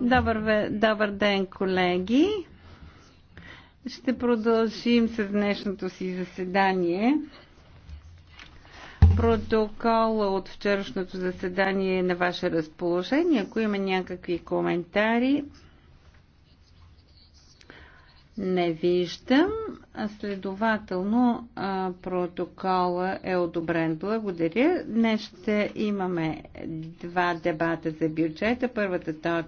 Добър, добър ден, колеги! Ще продължим с днешното си заседание. Протокола от вчерашното заседание е на ваше разположение. Ако има някакви коментари, не виждам. Следователно протокола е одобрен. Благодаря. Днес ще имаме два дебата за бюджета. Първата точка